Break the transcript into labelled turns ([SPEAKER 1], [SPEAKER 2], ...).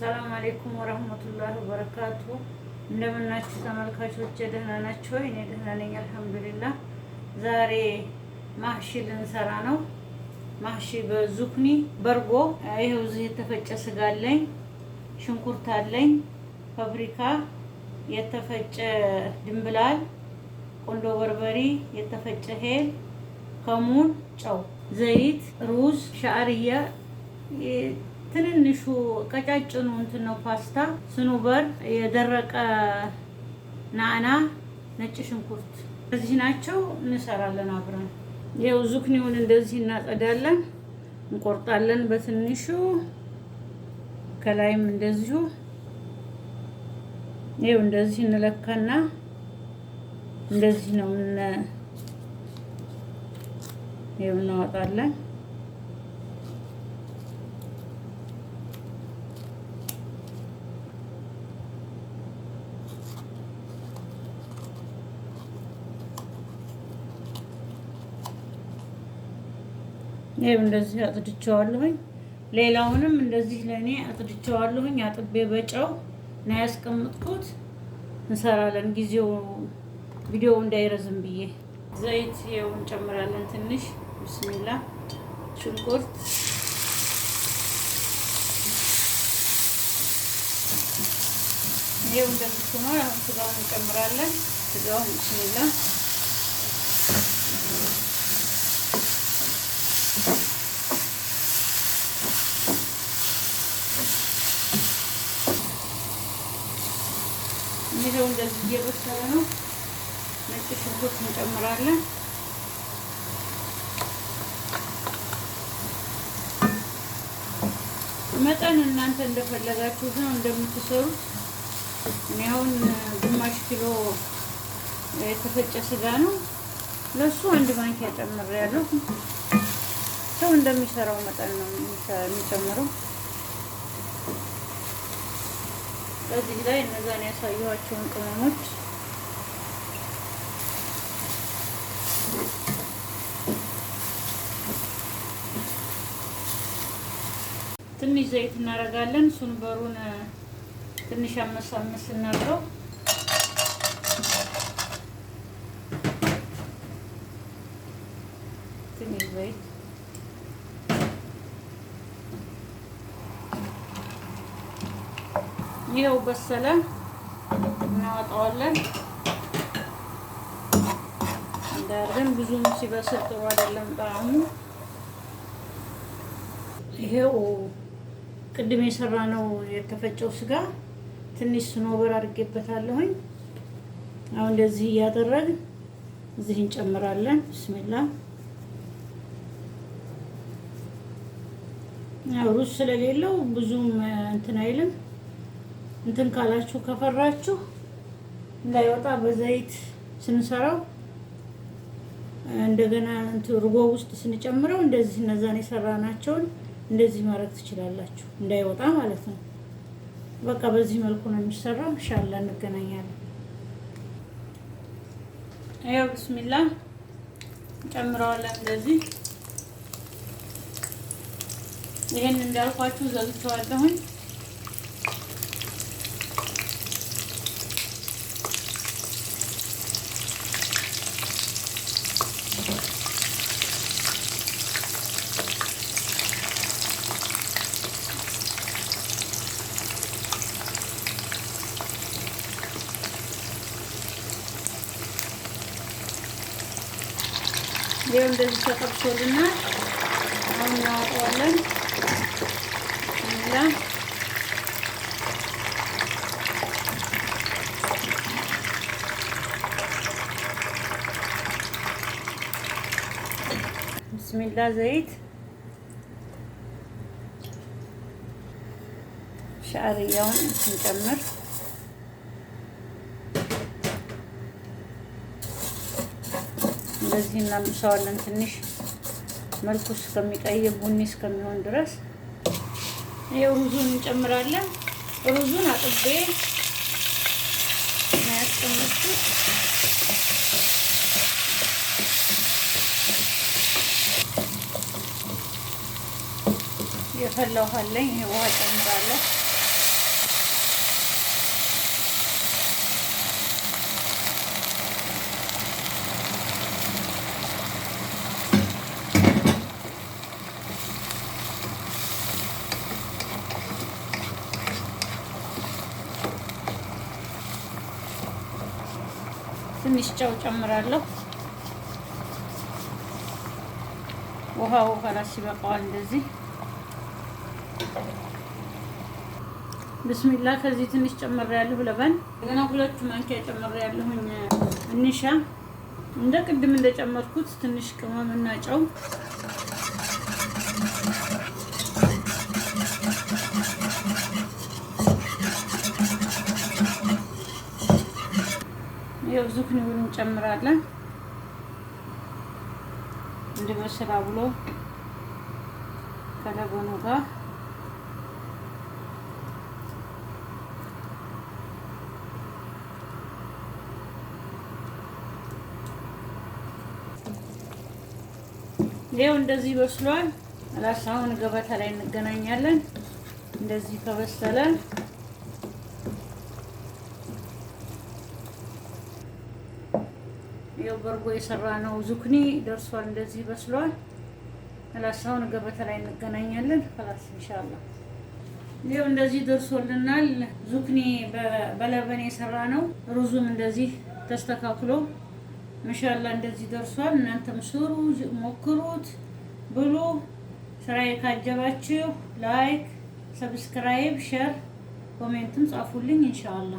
[SPEAKER 1] ሰላም አሌይኩም ወረህመቱላህ ወበረካቱ። እንደምናችሁ ተመልካቾች ደህና ናችሁ? እኔ ደህና ነኝ አልሐምዱሊላህ። ዛሬ ማህሺ ልንሰራ ነው። ማህሺ በዙኩኒ በርጎ። ይኸው እዚህ የተፈጨ ስጋ አለኝ፣ ሽንኩርት አለኝ፣ ፋብሪካ የተፈጨ ድንብላል፣ ቆንዶ በርበሪ፣ የተፈጨ ሄል፣ ከሙን፣ ጨው፣ ዘይት፣ ሩዝ፣ ሻዕርያ ትንንሹ ቀጫጭኑ እንትን ነው ፓስታ፣ ስኑበር፣ የደረቀ ናዕና፣ ነጭ ሽንኩርት እዚህ ናቸው። እንሰራለን አብረን። ይኸው ዙክኒውን እንደዚህ እናጸዳለን፣ እንቆርጣለን በትንሹ ከላይም እንደዚሁ ይኸው እንደዚህ እንለካና እንደዚህ ነው ምን ይኸው እናወጣለን። ይህም እንደዚህ አጥድቸዋለሁኝ። ሌላውንም እንደዚህ ለእኔ አጥድቸዋለሁኝ። አጥቤ በጨው ነው ያስቀምጥኩት። እንሰራለን ጊዜው ቪዲዮው እንዳይረዝም ብዬ ዘይት ይኸው እንጨምራለን። ትንሽ ብስሚላ፣ ሽንኩርት፣ ይኸው እንደምትሆነው ስጋውን እንጨምራለን። ስጋውን ብስሚላ ይኸው እንደዚህ እየበሰለ ነው። ነጭ ሽንኩርት እንጨምራለን። መጠን እናንተ እንደፈለጋችሁት ነው እንደምትሰሩት። እኔ አሁን ግማሽ ኪሎ የተፈጨ ስጋ ነው ለሱ አንድ ማንኪያ ጨምሬያለሁ። ሰው እንደሚሰራው መጠን ነው የሚጨምረው። በዚህ ላይ እነዛን ያሳየኋቸውን ቅመሞች ትንሽ ዘይት እናደርጋለን። ሱንበሩን ትንሽ አመስ አመስ እናድርገው። ትንሽ ዘይት ይኸው በሰለ። እናወጣዋለን። እንዳያርገን ብዙም ሲበስል ጥሩ አይደለም ጣዕሙ። ይሄው ቅድም የሰራ ነው የተፈጨው ስጋ ትንሽ ስኖበር አድርጌበታለሁኝ። አሁን እንደዚህ እያደረግን እዚህ እንጨምራለን። ብስሚላ ያው ሩዝ ስለሌለው ብዙም እንትን አይልም። እንትን ካላችሁ ከፈራችሁ እንዳይወጣ በዘይት ስንሰራው እንደገና እርጎ ውስጥ ስንጨምረው እንደዚህ እነዛን የሰራናቸውን እንደዚህ ማድረግ ትችላላችሁ፣ እንዳይወጣ ማለት ነው። በቃ በዚህ መልኩ ነው የሚሰራው። እንሻላ እንገናኛለን። ያው ብስሚላ ጨምረዋለን። እንደዚህ ይህን እንዳልኳችሁ ዘግቸዋለሁኝ። ሌወንደዚህ ተጠብሶልና አሁን እናወጣዋለን። ላ ብስሚላ ዘይት ሻዕርያውን ስንጨምር እንደዚህ እናምሰዋለን። ትንሽ መልኩ እስከሚቀይር ቡኒ እስከሚሆን ድረስ ይኸው ሩዙን እንጨምራለን። ሩዙን አጥቤ ነው ያስቀመጥኩት። የፈላ ውሃ አለኝ። ይሄ ውሃ ጨምራለሁ። ትንሽ ጨው ጨምራለሁ። ውሃው ከራስ ይበቃዋል። እንደዚህ ብስሚላ። ከዚህ ትንሽ ጨምሬያለሁ ለበን እንደገና ሁለቱ ማንኪያ ጨምሬያለሁኝ እንሻ እንደ ቅድም እንደጨመርኩት ትንሽ ቅመምና ጨው ይኸው ዝኩኒውን እንጨምራለን እንዲበስል ብሎ ከለበኑ ጋር ይኸው እንደዚህ በስሏል። አላስ አሁን ገበታ ላይ እንገናኛለን። እንደዚህ ከበሰለ በርጎ የሰራ ነው። ዙክኒ ደርሷል። እንደዚህ በስሏል። ላስ ገበታ ላይ እንገናኛለን። ላስ እንሻላ ይኸው እንደዚህ ደርሶልናል። ዙክኒ በለበን የሰራ ነው። ሩዙም እንደዚህ ተስተካክሎ እንሻላ እንደዚህ ደርሷል። እናንተም ስሩ፣ ሞክሩት፣ ብሉ። ስራ ካጀባችሁ ላይክ፣ ሰብስክራይብ፣ ሸር፣ ኮሜንትም ጻፉልኝ። እንሻላ